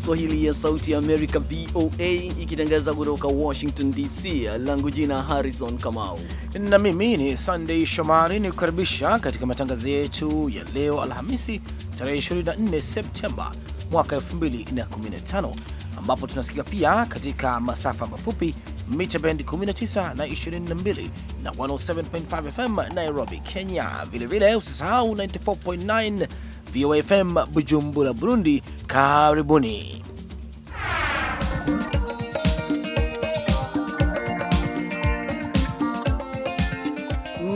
Kiswahili ya Sauti ya Amerika, VOA, ikitangaza kutoka Washington DC. Langu jina Harrison Kamau na mimi ni Sandei Shomari, ni kukaribisha katika matangazo yetu ya leo Alhamisi, tarehe 24 Septemba mwaka 2015 ambapo tunasikia pia katika masafa mafupi mita bendi 19 na 22 na 107.5 FM Nairobi, Kenya. Vilevile usisahau 94.9 vofm Bujumbura, Burundi. Karibuni.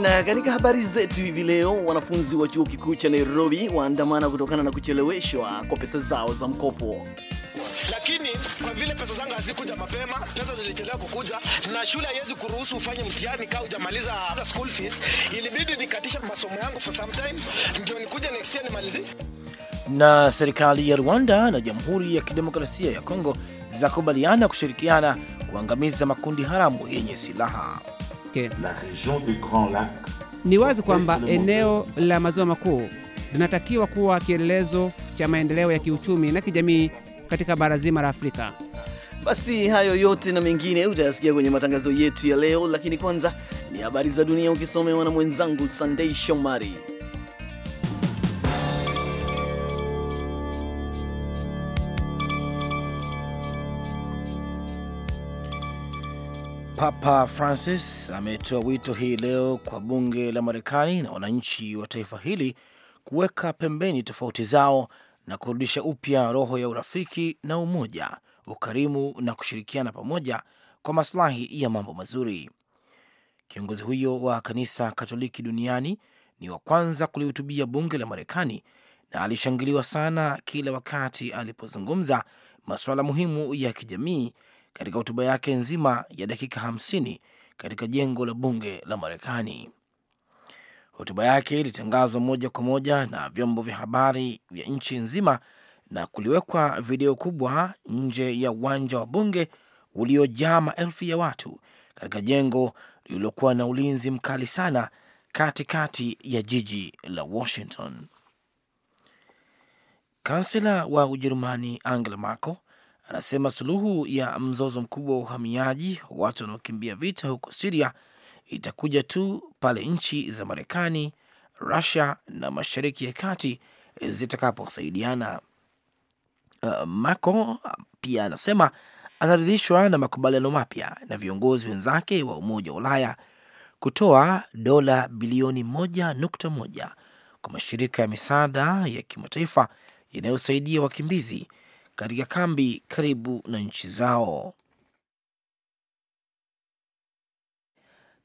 Na katika habari zetu hivi leo, wanafunzi wa chuo kikuu cha Nairobi waandamana kutokana na kucheleweshwa kwa pesa zao za mkopo kwa vile pesa zangu hazikuja mapema, pesa zilichelewa kukuja, na shule haiwezi kuruhusu ufanye mtihani kama hujamaliza school fees. Ilibidi nikatisha masomo yangu for some time ndio nikuja next year Na serikali ya Rwanda na Jamhuri ya Kidemokrasia ya Kongo zakubaliana kushirikiana kuangamiza makundi haramu yenye silaha. Okay. Ni wazi kwamba eneo la maziwa makuu linatakiwa kuwa kielelezo cha maendeleo ya kiuchumi na kijamii katika bara zima la Afrika. Basi hayo yote na mengine utayasikia kwenye matangazo yetu ya leo, lakini kwanza ni habari za dunia ukisomewa na mwenzangu sandei Shomari. Papa Francis ametoa wito hii leo kwa bunge la Marekani na wananchi wa taifa hili kuweka pembeni tofauti zao na kurudisha upya roho ya urafiki na umoja, ukarimu na kushirikiana pamoja kwa maslahi ya mambo mazuri. Kiongozi huyo wa kanisa Katoliki duniani ni wa kwanza kulihutubia bunge la Marekani na alishangiliwa sana kila wakati alipozungumza masuala muhimu ya kijamii katika hotuba yake nzima ya dakika 50 katika jengo la bunge la Marekani. Hotuba yake ilitangazwa moja kwa moja na vyombo vya habari vya nchi nzima na kuliwekwa video kubwa nje ya uwanja wa bunge uliojaa maelfu ya watu katika jengo lililokuwa na ulinzi mkali sana katikati ya jiji la Washington. Kansela wa Ujerumani Angela Merkel anasema suluhu ya mzozo mkubwa wa uhamiaji, watu wanaokimbia vita huko Siria itakuja tu pale nchi za Marekani, Rusia na Mashariki ya Kati zitakaposaidiana. Uh, Mako pia anasema anaridhishwa na makubaliano mapya na viongozi wenzake wa Umoja wa Ulaya kutoa dola bilioni moja nukta moja kwa mashirika ya misaada ya kimataifa yanayosaidia wakimbizi katika kambi karibu na nchi zao.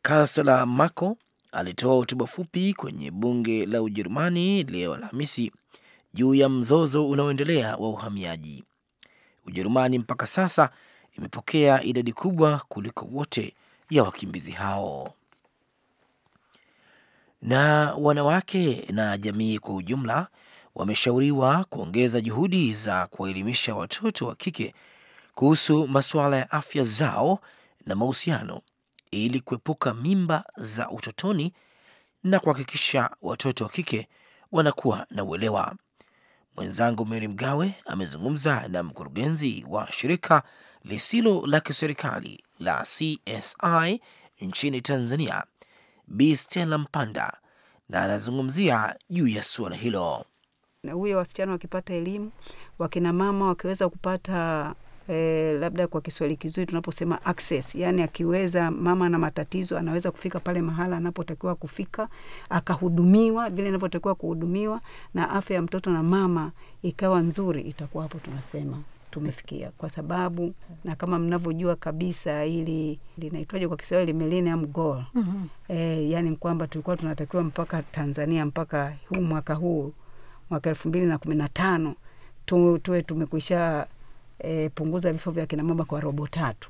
Kansela Merkel alitoa hotuba fupi kwenye bunge la Ujerumani leo Alhamisi juu ya mzozo unaoendelea wa uhamiaji. Ujerumani mpaka sasa imepokea idadi kubwa kuliko wote ya wakimbizi hao. Na wanawake na jamii kwa ujumla wameshauriwa kuongeza juhudi za kuwaelimisha watoto wa kike kuhusu masuala ya afya zao na mahusiano ili kuepuka mimba za utotoni na kuhakikisha watoto wa kike wanakuwa na uelewa. Mwenzangu Mary Mgawe amezungumza na mkurugenzi wa shirika lisilo la kiserikali la CSI nchini Tanzania, Bi Stella Mpanda, na anazungumzia juu ya suala hilo. Huyo wasichana wakipata elimu, wakinamama wakiweza kupata eh, labda kwa Kiswahili kizuri tunaposema access, yani akiweza mama na matatizo anaweza kufika pale mahala anapotakiwa kufika akahudumiwa vile inavyotakiwa kuhudumiwa, na afya ya mtoto na mama ikawa nzuri, itakuwa hapo tunasema tumefikia kwa sababu, na kama mnavyojua kabisa, ili linaitwaje kwa Kiswahili millennium goal mm -hmm. E, eh, yani kwamba tulikuwa tunatakiwa mpaka Tanzania mpaka huu mwaka huu mwaka elfu mbili na kumi na tano tu, tuwe tumekwisha e, punguza vifo vya kina mama kwa robo tatu,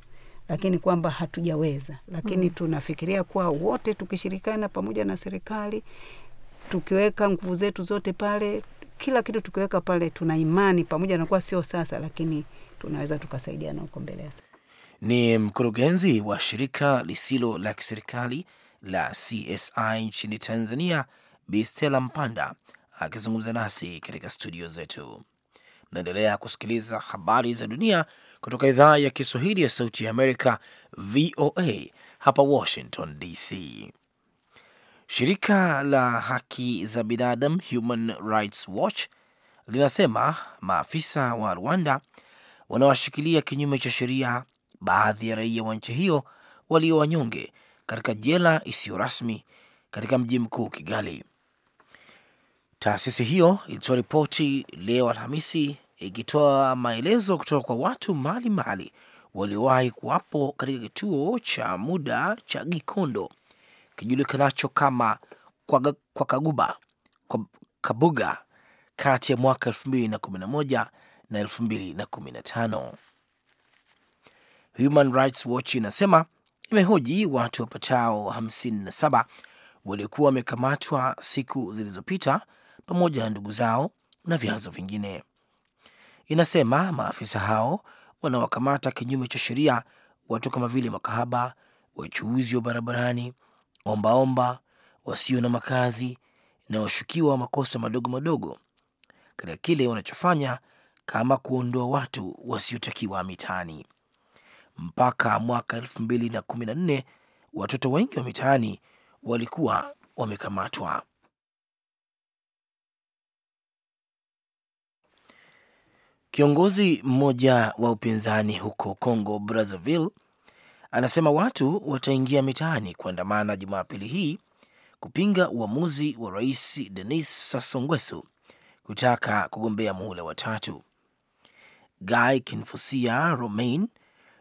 lakini kwamba hatujaweza, lakini mm. tunafikiria kuwa wote tukishirikiana pamoja na serikali tukiweka nguvu zetu zote pale, kila kitu tukiweka pale, tuna imani pamoja na kuwa sio sasa, lakini tunaweza tukasaidiana huko mbele. Sasa ni mkurugenzi wa shirika lisilo la kiserikali la CSI nchini Tanzania, bistela Mpanda akizungumza nasi katika studio zetu. Naendelea kusikiliza habari za dunia kutoka idhaa ya Kiswahili ya Sauti ya Amerika, VOA hapa Washington DC. Shirika la haki za binadamu Human Rights Watch linasema maafisa wa Rwanda wanawashikilia kinyume cha sheria baadhi ya raia wa nchi hiyo walio wanyonge katika jela isiyo rasmi katika mji mkuu Kigali. Taasisi hiyo ilitoa ripoti leo Alhamisi ikitoa maelezo kutoka kwa watu mbalimbali waliowahi kuwapo katika kituo cha muda cha Gikondo kijulikanacho kama kwa, kwa Kaguba kwa Kabuga kati ya mwaka 2011 na 2015. Human Rights Watch inasema imehoji watu wapatao 57 waliokuwa wamekamatwa siku zilizopita pamoja na ndugu zao na vyanzo vingine. Inasema maafisa hao wanawakamata kinyume cha sheria watu kama vile makahaba, wachuuzi wa barabarani, ombaomba, wasio na makazi na washukiwa wa makosa madogo madogo katika kile wanachofanya kama kuondoa watu wasiotakiwa mitaani. Mpaka mwaka elfu mbili na kumi na nne watoto wengi wa mitaani walikuwa wamekamatwa. Kiongozi mmoja wa upinzani huko Congo Brazzaville anasema watu wataingia mitaani kuandamana Jumapili hii kupinga uamuzi wa Rais Denis Sassou Nguesso kutaka kugombea muhula wa tatu. Guy Kinfusia Romain,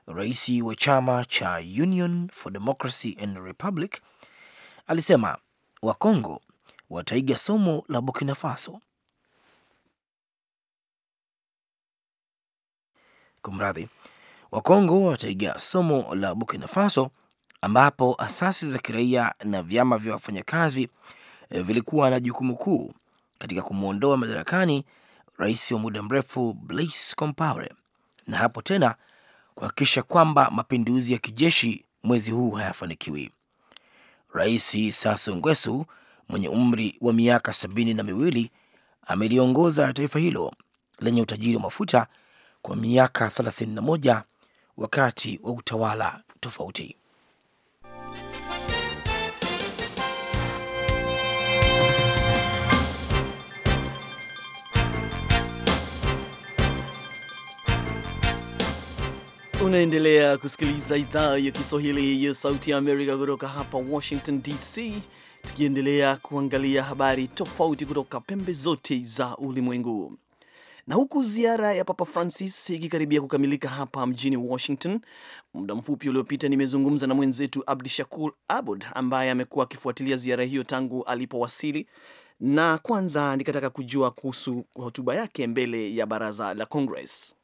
rais wa chama cha Union for Democracy and Republic, alisema Wakongo wataiga somo la Burkina Faso Kumradhi, Wakongo wataiga somo la Burkina Faso, ambapo asasi za kiraia na vyama vya wafanyakazi e, vilikuwa na jukumu kuu katika kumwondoa madarakani rais wa muda mrefu Blaise Compaore, na hapo tena kuhakikisha kwamba mapinduzi ya kijeshi mwezi huu hayafanikiwi. Rais Sassou Nguesso mwenye umri wa miaka sabini na miwili ameliongoza taifa hilo lenye utajiri wa mafuta kwa miaka 31 wakati wa utawala tofauti. Unaendelea kusikiliza idhaa ya Kiswahili ya Sauti ya Amerika kutoka hapa Washington DC, tukiendelea kuangalia habari tofauti kutoka pembe zote za ulimwengu. Na huku ziara ya Papa Francis ikikaribia kukamilika hapa mjini Washington, muda mfupi uliopita nimezungumza na mwenzetu Abdi Shakur Abud ambaye amekuwa akifuatilia ziara hiyo tangu alipowasili, na kwanza nikataka kujua kuhusu hotuba yake mbele ya baraza la Congress.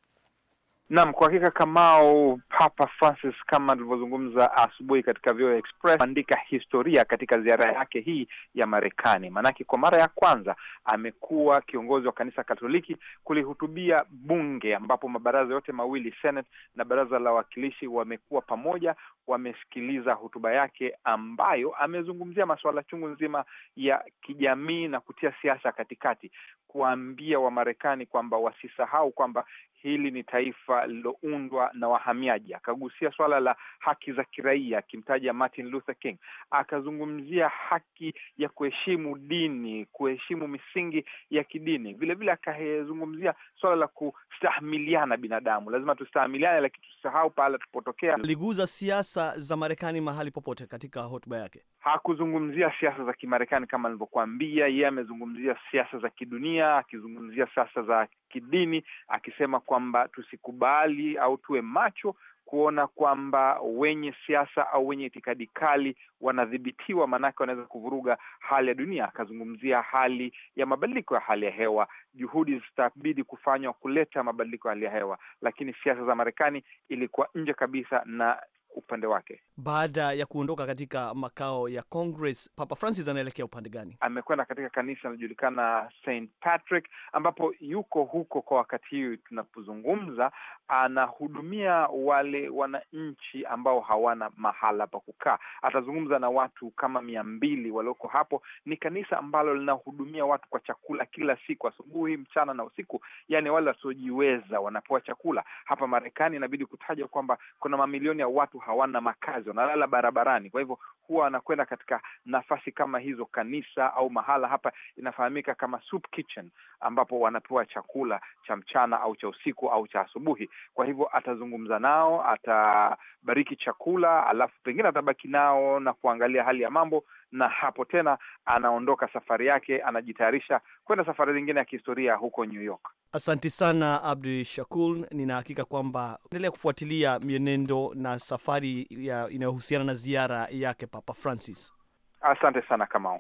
Naam, kwa hakika Kamau, Papa Francis kama alivyozungumza asubuhi katika VOA Express andika historia katika ziara yake hii ya Marekani, maanake kwa mara ya kwanza amekuwa kiongozi wa kanisa Katoliki kulihutubia bunge, ambapo mabaraza yote mawili, Senate na baraza la wawakilishi, wamekuwa pamoja, wamesikiliza hotuba yake ambayo amezungumzia masuala chungu nzima ya kijamii na kutia siasa katikati, kuwaambia Wamarekani kwamba wasisahau kwamba hili ni taifa lililoundwa na wahamiaji. Akagusia swala la haki za kiraia akimtaja Martin Luther King, akazungumzia haki ya kuheshimu dini, kuheshimu misingi ya kidini. Vilevile akazungumzia swala la kustahamiliana binadamu lazima tustahamiliane lakini tusisahau pahala tupotokea. Aliguza siasa za Marekani mahali popote katika hotuba yake hakuzungumzia siasa za Kimarekani kama alivyokuambia yeye. Amezungumzia siasa za kidunia, akizungumzia siasa za kidini, akisema kwamba tusikubali au tuwe macho kuona kwamba wenye siasa au wenye itikadi kali wanadhibitiwa, maanake wanaweza kuvuruga hali ya dunia. Akazungumzia hali ya mabadiliko ya hali ya hewa, juhudi zitabidi kufanywa kuleta mabadiliko ya hali ya hewa, lakini siasa za Marekani ilikuwa nje kabisa na upande wake. Baada ya kuondoka katika makao ya Congress, Papa Francis anaelekea upande gani? Amekwenda katika kanisa linalojulikana St Patrick, ambapo yuko huko kwa wakati huu tunapozungumza, anahudumia wale wananchi ambao hawana mahala pa kukaa. Atazungumza na watu kama mia mbili walioko hapo. Ni kanisa ambalo linahudumia watu kwa chakula kila siku, asubuhi, mchana na usiku. yani wale wasiojiweza wanapewa chakula. Hapa Marekani inabidi kutaja kwamba kuna mamilioni ya watu hawana makazi, wanalala barabarani. Kwa hivyo huwa wanakwenda katika nafasi kama hizo, kanisa au mahala hapa inafahamika kama soup kitchen, ambapo wanapewa chakula cha mchana au cha usiku au cha asubuhi. Kwa hivyo atazungumza nao, atabariki chakula, alafu pengine atabaki nao na kuangalia hali ya mambo na hapo tena anaondoka safari yake, anajitayarisha kwenda safari zingine ya kihistoria huko New York. Asanti sana Abdu Shakul, nina hakika kwamba endelea kufuatilia mienendo na safari inayohusiana na ziara yake Papa Francis. Asante sana Kamau.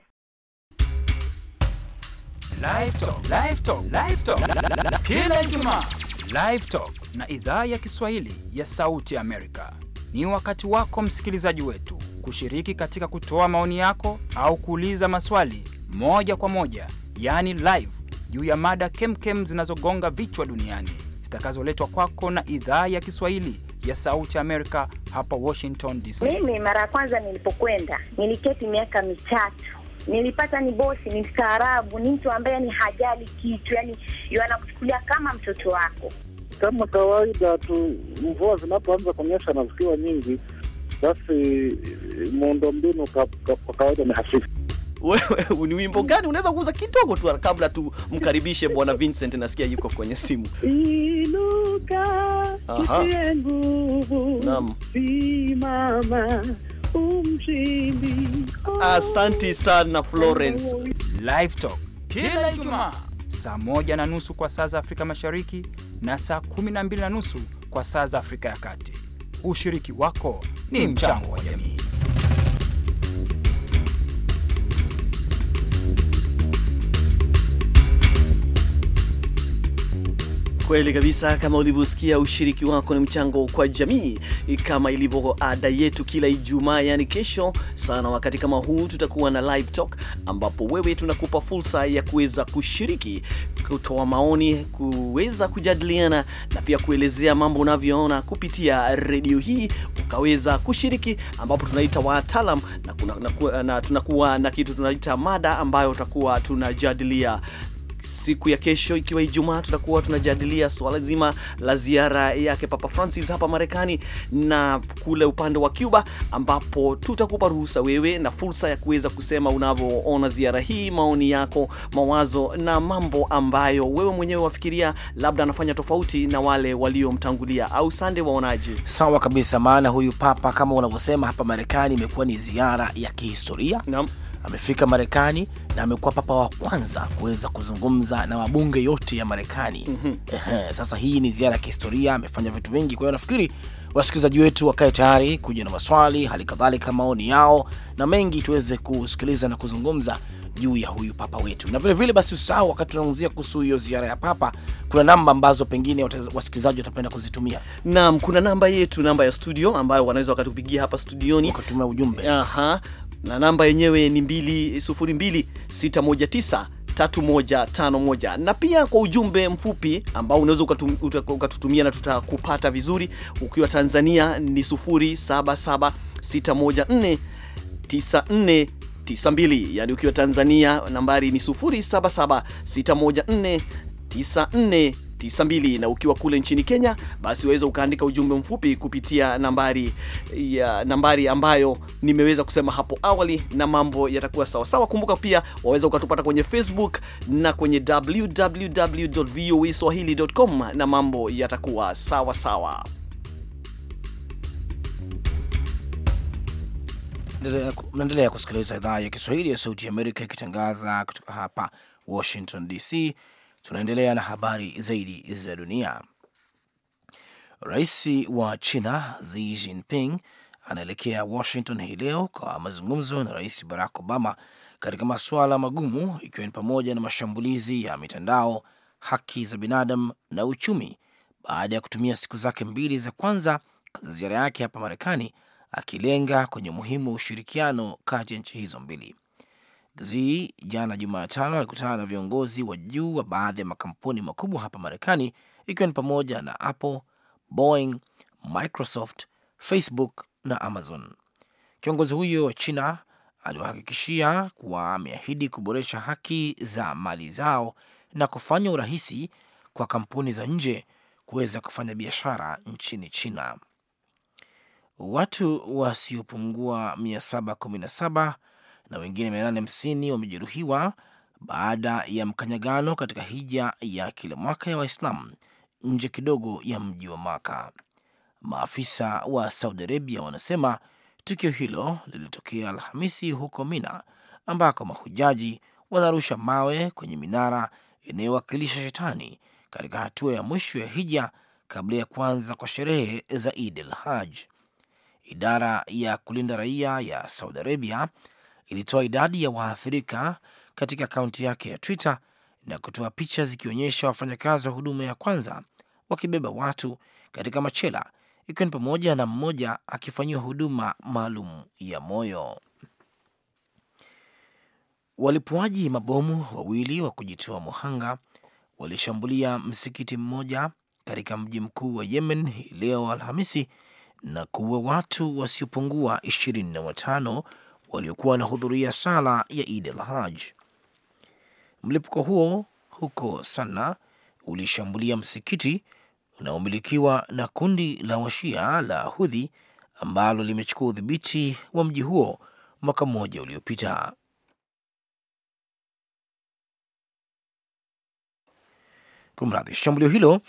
Kila Ijumaa Live Talk na idhaa ya Kiswahili ya Sauti Amerika, ni wakati wako msikilizaji wetu kushiriki katika kutoa maoni yako au kuuliza maswali moja kwa moja, yaani live, juu ya mada kemkem zinazogonga vichwa duniani zitakazoletwa kwako na idhaa ya Kiswahili ya Sauti Amerika hapa Washington DC. Mimi mara ya kwanza nilipokwenda niliketi miaka mitatu nilipata ni bosi, ni mstaarabu, ni mtu ambaye ni hajali kitu, yani anakuchukulia kama mtoto wako. Kama kawaida tu, mvua zinapoanza kunyesha na zikiwa nyingi basi mbinu kwa kawaida ni hafifu. Wewe ni wimbo gani unaweza kuuza kidogo tu kabla tumkaribishe Bwana Vincent, nasikia yuko kwenye simu. Inuka nguvu, simama umshindi. Asanti sana Florence. Live Talk kila Ijumaa saa moja na nusu kwa saa za Afrika Mashariki na saa kumi na mbili na nusu kwa saa za Afrika ya Kati. Ushiriki wako ni mchango wa jamii. Kweli kabisa, kama ulivyosikia, ushiriki wako ni mchango kwa jamii, e, kama ilivyo ada yetu kila Ijumaa, yani kesho sana wakati kama huu tutakuwa na live talk, ambapo wewe tunakupa fursa ya kuweza kushiriki, kutoa maoni, kuweza kujadiliana na pia kuelezea mambo unavyoona kupitia redio hii, ukaweza kushiriki, ambapo tunaita wataalam na, na, na tunakuwa na kitu tunaita mada ambayo tutakuwa tunajadilia siku ya kesho ikiwa Ijumaa, tutakuwa tunajadilia swala zima la ziara yake Papa Francis hapa Marekani na kule upande wa Cuba, ambapo tutakupa ruhusa wewe na fursa ya kuweza kusema unavyoona ziara hii, maoni yako, mawazo na mambo ambayo wewe mwenyewe wafikiria labda anafanya tofauti na wale waliomtangulia, au sande, waonaje? Sawa kabisa, maana huyu papa kama unavyosema hapa Marekani imekuwa ni ziara ya kihistoria. Naam, amefika Marekani na amekuwa papa wa kwanza kuweza kuzungumza na mabunge yote ya Marekani. mm -hmm. Sasa hii ni ziara ya kihistoria, amefanya vitu vingi. Kwa hiyo nafikiri wasikilizaji wetu wakae tayari kuja na maswali, hali kadhalika maoni yao na mengi, tuweze kusikiliza na kuzungumza juu ya huyu papa wetu. Na vilevile basi, usahau wakati tunazungumzia kuhusu hiyo ziara ya papa, kuna namba ambazo pengine wasikilizaji watapenda kuzitumia. Naam, kuna namba yetu, namba ya studio ambayo wanaweza wakatupigia hapa studioni, wakatumia ujumbe. Aha na namba yenyewe ni 2026193151 na pia kwa ujumbe mfupi ambao unaweza ukatutumia na tutakupata vizuri. Ukiwa Tanzania ni 0776149492 yani, ukiwa Tanzania nambari ni 07761494 9292, na ukiwa kule nchini Kenya basi waweza ukaandika ujumbe mfupi kupitia nambari ya nambari ambayo nimeweza kusema hapo awali, na mambo yatakuwa sawa sawa. Kumbuka pia waweza ukatupata kwenye Facebook na kwenye www.voaswahili.com e na mambo yatakuwa sawa sawa. Mnaendelea kusikiliza idhaa ya Kiswahili ya Sauti ya Amerika ikitangaza kutoka hapa Washington DC. Tunaendelea na habari zaidi za dunia. Rais wa China Xi Jinping anaelekea Washington hii leo kwa mazungumzo na Rais Barack Obama katika masuala magumu, ikiwa ni pamoja na mashambulizi ya mitandao, haki za binadamu na uchumi, baada ya kutumia siku zake mbili za kwanza za ziara yake hapa Marekani akilenga kwenye umuhimu wa ushirikiano kati ya nchi hizo mbili. Z jana Jumatano alikutana na viongozi wa juu wa baadhi ya makampuni makubwa hapa Marekani, ikiwa ni pamoja na Apple, Boeing, Microsoft, Facebook na Amazon. Kiongozi huyo wa China aliwahakikishia kuwa ameahidi kuboresha haki za mali zao na kufanya urahisi kwa kampuni za nje kuweza kufanya biashara nchini China. Watu wasiopungua 717 na wengine mia nane hamsini wamejeruhiwa baada ya mkanyagano katika hija ya kila mwaka ya Waislamu nje kidogo ya mji wa Maka. Maafisa wa Saudi Arabia wanasema tukio hilo lilitokea Alhamisi huko Mina, ambako mahujaji wanarusha mawe kwenye minara inayowakilisha Shetani katika hatua ya mwisho ya hija kabla ya kuanza kwa sherehe za Idi el Haj. Idara ya kulinda raia ya Saudi Arabia ilitoa idadi ya waathirika katika akaunti yake ya Twitter na kutoa picha zikionyesha wafanyakazi wa huduma ya kwanza wakibeba watu katika machela, ikiwa ni pamoja na mmoja akifanyiwa huduma maalum ya moyo. Walipuaji mabomu wawili wa kujitoa muhanga walishambulia msikiti mmoja katika mji mkuu wa Yemen leo Alhamisi na kuua watu wasiopungua ishirini na watano waliokuwa wanahudhuria sala ya Id al Haj. Mlipuko huo huko Sana ulishambulia msikiti unaomilikiwa na kundi la Washia la Hudhi ambalo limechukua udhibiti wa mji huo mwaka mmoja uliopita. Kumradhi, shambulio hilo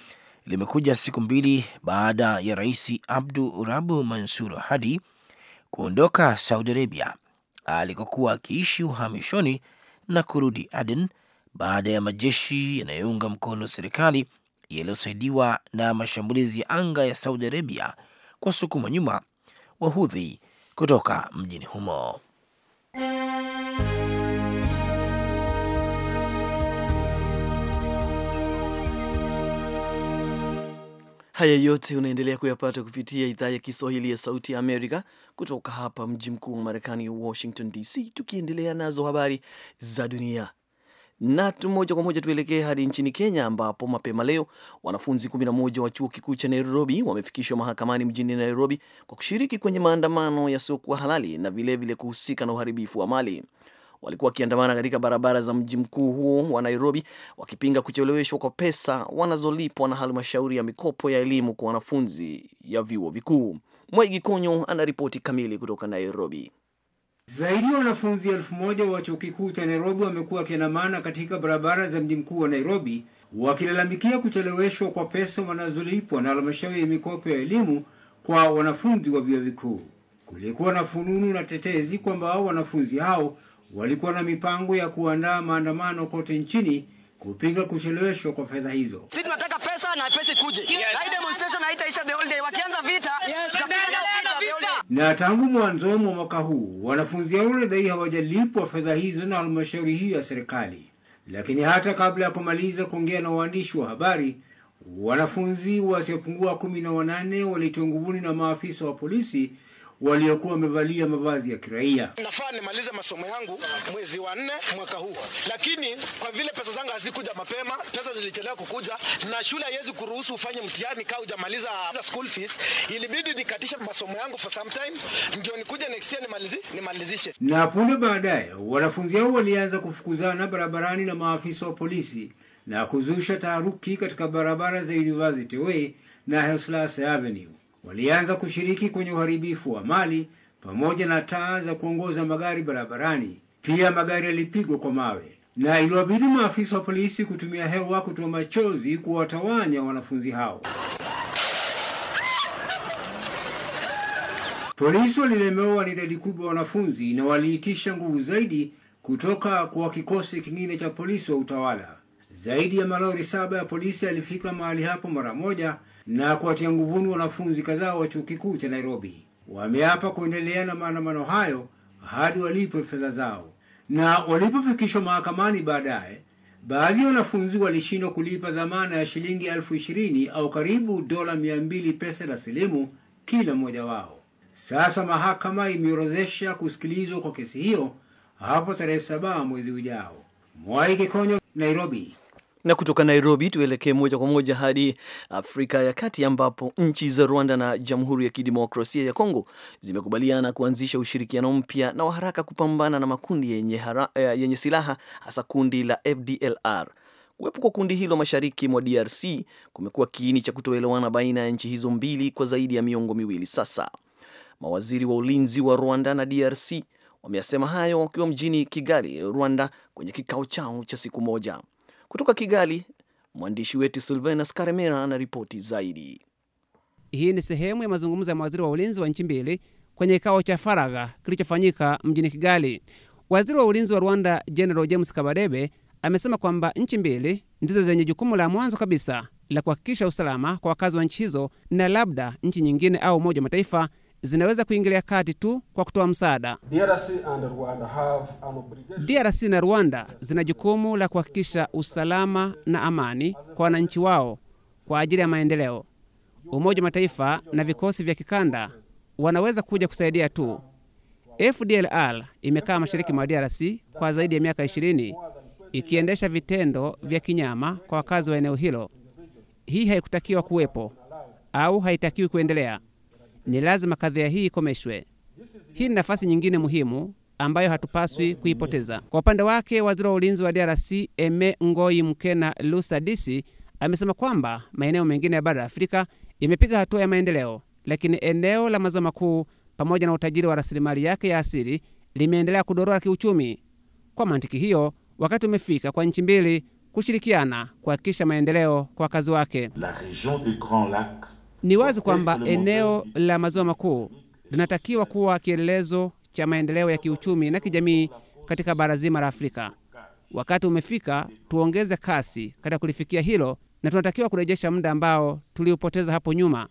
limekuja siku mbili baada ya Rais Abdu Rabu Mansur Hadi kuondoka Saudi Arabia alikokuwa akiishi uhamishoni na kurudi Aden baada ya majeshi yanayounga mkono serikali yaliyosaidiwa na mashambulizi ya anga ya Saudi Arabia kwa sukuma nyuma Wahudhi kutoka mjini humo. Haya yote unaendelea kuyapata kupitia idhaa ya Kiswahili ya Sauti ya Amerika kutoka hapa mji mkuu wa Marekani, Washington DC, tukiendelea nazo habari za dunia na moja kwa moja tuelekee hadi nchini Kenya ambapo mapema leo wanafunzi 11 wa chuo kikuu cha Nairobi wamefikishwa mahakamani mjini Nairobi kwa kushiriki kwenye maandamano yasiyokuwa halali na vilevile kuhusika na uharibifu wa mali. Walikuwa wakiandamana katika barabara za mji mkuu huo wa Nairobi wakipinga kucheleweshwa kwa pesa wanazolipwa na halmashauri ya mikopo ya elimu kwa wanafunzi ya vyuo vikuu. Mwaigi Konyo ripoti kamili kutoka Nairobi. Zaidi ya wanafunzi elfu moja wa chuo kikuu cha Nairobi wamekuwa wakiandamana katika barabara za mji mkuu wa Nairobi wakilalamikia kucheleweshwa kwa pesa wanazolipwa na halmashauri ya mikopo ya elimu kwa wanafunzi wa vyuo vikuu. Kulikuwa na fununu na tetezi kwamba wanafunzi hao walikuwa na mipango ya kuandaa maandamano kote nchini kupinga kucheleweshwa kwa fedha hizo. Sisi tunataka pesa na pesa ikuje. Yes. Hii demonstration haitaisha the whole day. Wakianza vita, yes. Na tangu mwanzo mwa mwaka huu wanafunzi hao ledai hawajalipwa fedha hizo na halmashauri hiyo ya serikali. Lakini hata kabla ya kumaliza kuongea na waandishi wa habari, wanafunzi wasiopungua kumi na wanane walitiwa nguvuni na maafisa wa polisi waliokuwa wamevalia mavazi ya kiraia. Nafaa nimalize masomo yangu mwezi wa nne mwaka huu, lakini kwa vile pesa zangu hazikuja mapema, pesa zilichelewa kukuja, na shule haiwezi kuruhusu ufanye mtihani kaa hujamaliza school fees, ilibidi nikatisha masomo yangu for some time ndio nikuje next year nimalizi, nimalizishe. Na punde baadaye wanafunzi hao walianza kufukuzana barabarani na maafisa wa polisi na kuzusha taharuki katika barabara za University Way na Hellsley Avenue walianza kushiriki kwenye uharibifu wa mali pamoja na taa za kuongoza magari barabarani. Pia magari yalipigwa kwa mawe na iliwabidi maafisa wa polisi kutumia hewa kutoa machozi kuwatawanya wanafunzi hao. Polisi walilemewa na idadi kubwa ya wanafunzi na waliitisha nguvu zaidi kutoka kwa kikosi kingine cha polisi wa utawala. Zaidi ya malori saba ya polisi yalifika mahali hapo mara moja na kuwatia nguvuni wanafunzi kadhaa wa chuo kikuu cha Nairobi. Wameapa kuendelea na maandamano hayo hadi walipwe fedha zao. Na walipofikishwa mahakamani baadaye, baadhi ya wanafunzi walishindwa kulipa dhamana ya shilingi elfu ishirini au karibu dola mia mbili pesa la silimu kila mmoja wao. Sasa mahakama imeorodhesha kusikilizwa kwa kesi hiyo hapo tarehe saba mwezi ujao. Mwai Kikonyo, Nairobi. Na kutoka Nairobi tuelekee moja kwa moja hadi Afrika ya Kati ambapo nchi za Rwanda na Jamhuri ya Kidemokrasia ya Kongo zimekubaliana kuanzisha ushirikiano mpya na wa haraka kupambana na makundi yenye, hara, eh, yenye silaha hasa kundi la FDLR. Kuwepo kwa kundi hilo mashariki mwa DRC kumekuwa kiini cha kutoelewana baina ya nchi hizo mbili kwa zaidi ya miongo miwili sasa. Mawaziri wa ulinzi wa Rwanda na DRC wameyasema hayo wakiwa mjini Kigali, Rwanda, kwenye kikao chao cha siku moja. Kutoka Kigali, mwandishi wetu Silvanus Karemera ripoti zaidi. Hii ni sehemu ya mazungumzo ya mawaziri wa ulinzi wa nchi mbili kwenye kikao cha faragha kilichofanyika mjini Kigali. Waziri wa ulinzi wa Rwanda General James Kabadebe amesema kwamba nchi mbili ndizo zenye jukumu la mwanzo kabisa la kuhakikisha usalama kwa wakazi wa nchi hizo, na labda nchi nyingine au Umoja wa Mataifa zinaweza kuingilia kati tu kwa kutoa msaada. DRC, na Rwanda zina jukumu la kuhakikisha usalama na amani kwa wananchi wao kwa ajili ya maendeleo. Umoja wa Mataifa na vikosi vya kikanda wanaweza kuja kusaidia tu. FDLR imekaa mashariki mwa DRC kwa zaidi ya miaka 20 ikiendesha vitendo vya kinyama kwa wakazi wa eneo hilo. Hii haikutakiwa kuwepo au haitakiwi kuendelea. Ni lazima kadhia hii ikomeshwe. Hii ni nafasi nyingine muhimu ambayo hatupaswi kuipoteza. Kwa upande wake, waziri wa ulinzi wa DRC Eme Ngoi Mkena Lusadisi amesema kwamba maeneo mengine ya bara la Afrika yamepiga hatua ya maendeleo, lakini eneo la maziwa makuu pamoja na utajiri wa rasilimali yake ya asili limeendelea kudorora kiuchumi. Kwa mantiki hiyo, wakati umefika kwa nchi mbili kushirikiana kuhakikisha maendeleo kwa wakazi wake la ni wazi kwamba eneo la maziwa makuu linatakiwa kuwa kielelezo cha maendeleo ya kiuchumi na kijamii katika bara zima la Afrika. Wakati umefika tuongeze kasi katika kulifikia hilo, na tunatakiwa kurejesha muda ambao tuliupoteza hapo nyuma.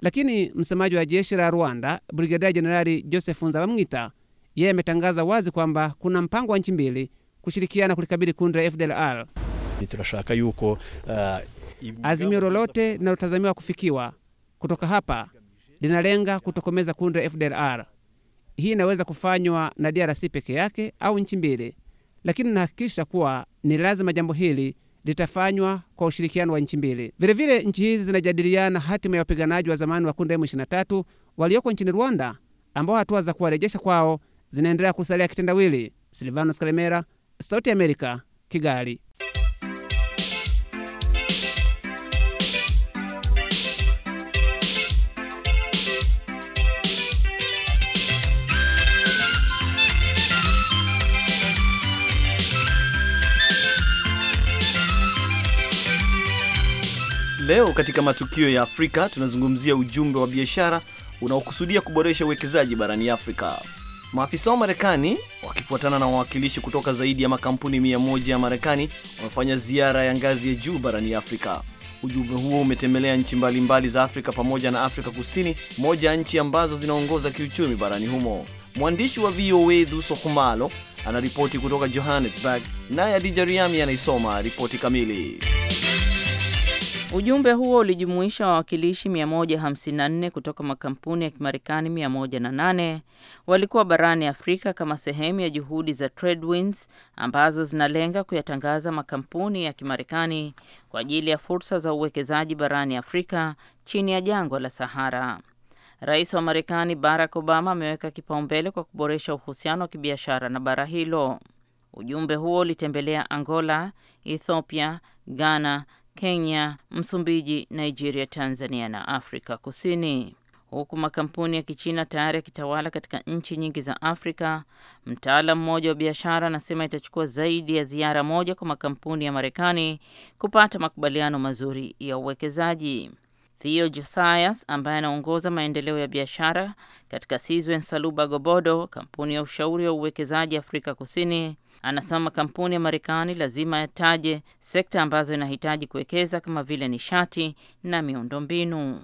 Lakini msemaji wa jeshi la Rwanda, Brigadia Jenerali Joseph Nzabamwita, yeye ametangaza wazi kwamba kuna mpango wa nchi mbili kushirikiana kulikabili kundi la FDLR. Turashaka yuko uh, Azimio lolote linalotazamiwa kufikiwa kutoka hapa linalenga kutokomeza kundi la FDLR. Hii inaweza kufanywa na DRC peke yake au nchi mbili, lakini nahakikisha kuwa ni lazima jambo hili litafanywa kwa ushirikiano wa nchi mbili. Vilevile nchi hizi zinajadiliana hatima ya wapiganaji wa zamani wa kundi M23 walioko nchini Rwanda, ambao hatua za kuwarejesha kwao zinaendelea kusalia kitendawili. silvanos Kalemera, Sauti ya Amerika, Kigali. Leo katika matukio ya Afrika tunazungumzia ujumbe wa biashara unaokusudia kuboresha uwekezaji barani Afrika. Maafisa wa Marekani wakifuatana na wawakilishi kutoka zaidi ya makampuni mia moja ya Marekani wamefanya ziara ya ngazi ya juu barani Afrika. Ujumbe huo umetembelea nchi mbalimbali mbali za Afrika pamoja na Afrika Kusini, moja ya nchi ambazo zinaongoza kiuchumi barani humo. Mwandishi wa VOA Thuso Kumalo anaripoti kutoka Johannesburg, naye Adija Riami anaisoma ripoti kamili. Ujumbe huo ulijumuisha wawakilishi 154 kutoka makampuni ya Kimarekani 108 walikuwa barani Afrika kama sehemu ya juhudi za Tradewinds ambazo zinalenga kuyatangaza makampuni ya Kimarekani kwa ajili ya fursa za uwekezaji barani Afrika chini ya jangwa la Sahara. Rais wa Marekani Barack Obama ameweka kipaumbele kwa kuboresha uhusiano wa kibiashara na bara hilo. Ujumbe huo ulitembelea Angola, Ethiopia, Ghana, Kenya, Msumbiji, Nigeria, Tanzania na Afrika Kusini. Huku makampuni ya Kichina tayari yakitawala katika nchi nyingi za Afrika, mtaalamu mmoja wa biashara anasema itachukua zaidi ya ziara moja kwa makampuni ya Marekani kupata makubaliano mazuri ya uwekezaji. Theo Josias ambaye anaongoza maendeleo ya biashara katika Sizwe Saluba Gobodo, kampuni ya ushauri wa uwekezaji Afrika Kusini, Anasema makampuni ya Marekani lazima yataje sekta ambazo inahitaji kuwekeza kama vile nishati na miundombinu.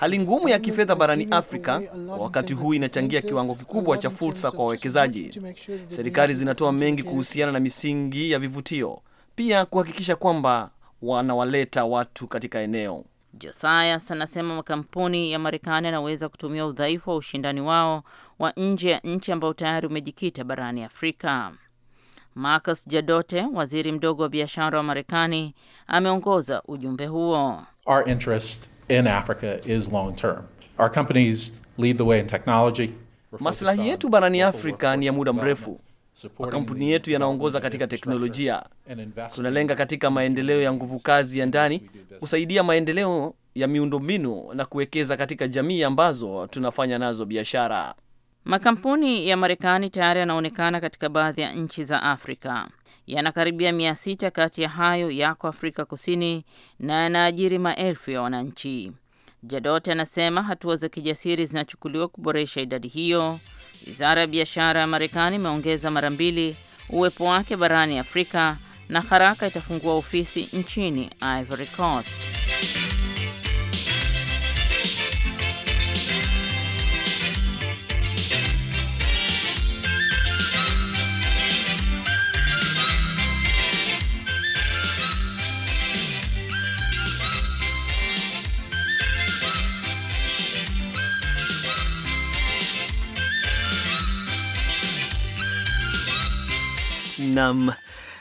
Hali ngumu ya kifedha barani Afrika kwa wakati huu inachangia kiwango kikubwa cha fursa kwa wawekezaji. Serikali zinatoa mengi kuhusiana na misingi ya vivutio, pia kuhakikisha kwamba wanawaleta watu katika eneo josias anasema makampuni ya Marekani yanaweza kutumia udhaifu wa ushindani wao wa nje ya nchi ambao tayari umejikita barani Afrika. Marcus Jadote, waziri mdogo wa biashara wa Marekani, ameongoza ujumbe huo. Our interest in Africa is long term. Our companies lead the way in technology. Maslahi yetu barani Afrika ni ya muda mrefu. Makampuni yetu yanaongoza katika teknolojia. Tunalenga katika maendeleo ya nguvu kazi ya ndani, kusaidia maendeleo ya miundombinu na kuwekeza katika jamii ambazo tunafanya nazo biashara. Makampuni ya Marekani tayari yanaonekana katika baadhi ya nchi za Afrika. Yanakaribia mia sita kati ya hayo yako Afrika Kusini na yanaajiri maelfu ya wananchi. Jadote anasema hatua za kijasiri zinachukuliwa kuboresha idadi hiyo. Wizara ya biashara ya Marekani imeongeza mara mbili uwepo wake barani Afrika na haraka itafungua ofisi nchini Ivory Coast. Numb.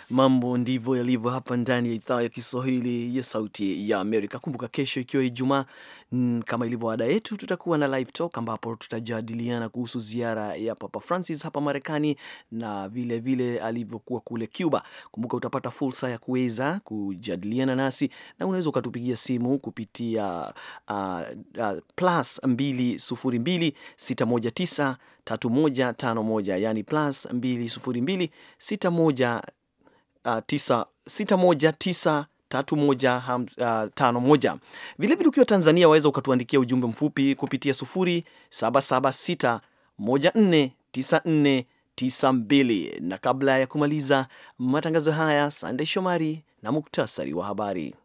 Mambo ndivyo yalivyo hapa ndani ya idhaa ya Kiswahili ya Sauti ya Amerika. Kumbuka kesho, ikiwa Ijumaa, mm, kama ilivyo ada yetu, tutakuwa na live talk ambapo tutajadiliana kuhusu ziara ya Papa Francis hapa Marekani na vilevile alivyokuwa kule Cuba. Kumbuka utapata fursa ya kuweza kujadiliana nasi na unaweza ukatupigia simu kupitia uh, uh, plus moja tano moja yani plus sita moja uh, uh, Vilevile ukiwa Tanzania waweza ukatuandikia ujumbe mfupi kupitia sufuri Na kabla ya kumaliza matangazo haya, Sandey Shomari na muktasari wa habari.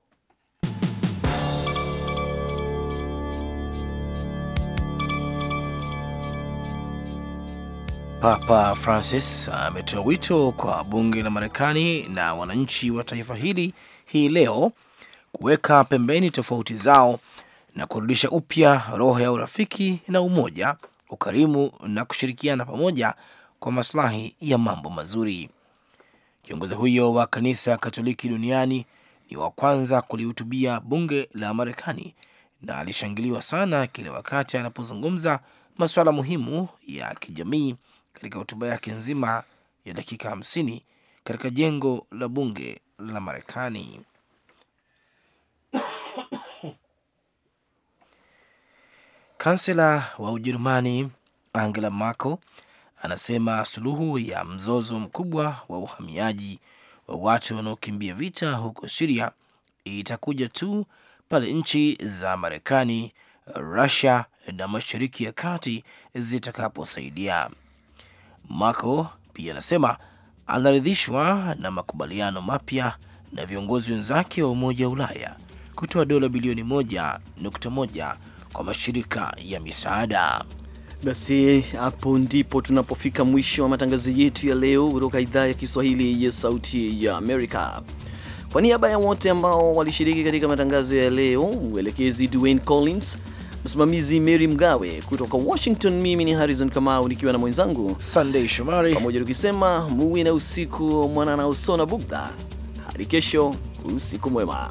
Papa Francis ametoa wito kwa bunge la Marekani na wananchi wa taifa hili hii leo kuweka pembeni tofauti zao na kurudisha upya roho ya urafiki na umoja, ukarimu na kushirikiana pamoja kwa maslahi ya mambo mazuri. Kiongozi huyo wa kanisa Katoliki duniani ni wa kwanza kulihutubia bunge la Marekani na alishangiliwa sana kila wakati anapozungumza masuala muhimu ya kijamii katika hotuba yake nzima ya dakika hamsini katika jengo la bunge la Marekani. Kansela wa Ujerumani Angela Merkel anasema suluhu ya mzozo mkubwa wa uhamiaji wa watu wanaokimbia vita huko Siria itakuja tu pale nchi za Marekani, Rusia na Mashariki ya Kati zitakaposaidia. Marco pia anasema anaridhishwa na makubaliano mapya na viongozi wenzake wa Umoja wa Ulaya kutoa dola bilioni 1.1 kwa mashirika ya misaada. Basi hapo ndipo tunapofika mwisho wa matangazo yetu ya leo kutoka idhaa ya Kiswahili ya Sauti ya Amerika. Kwa niaba ya wote ambao walishiriki katika matangazo ya leo, mwelekezi Dwayne Collins msimamizi Mary Mgawe kutoka Washington. Mimi ni Harrison Kamau nikiwa na mwenzangu Sunday Shomari, pamoja tukisema muwi na usiku na usona bugdha. Hadi kesho, usiku mwema.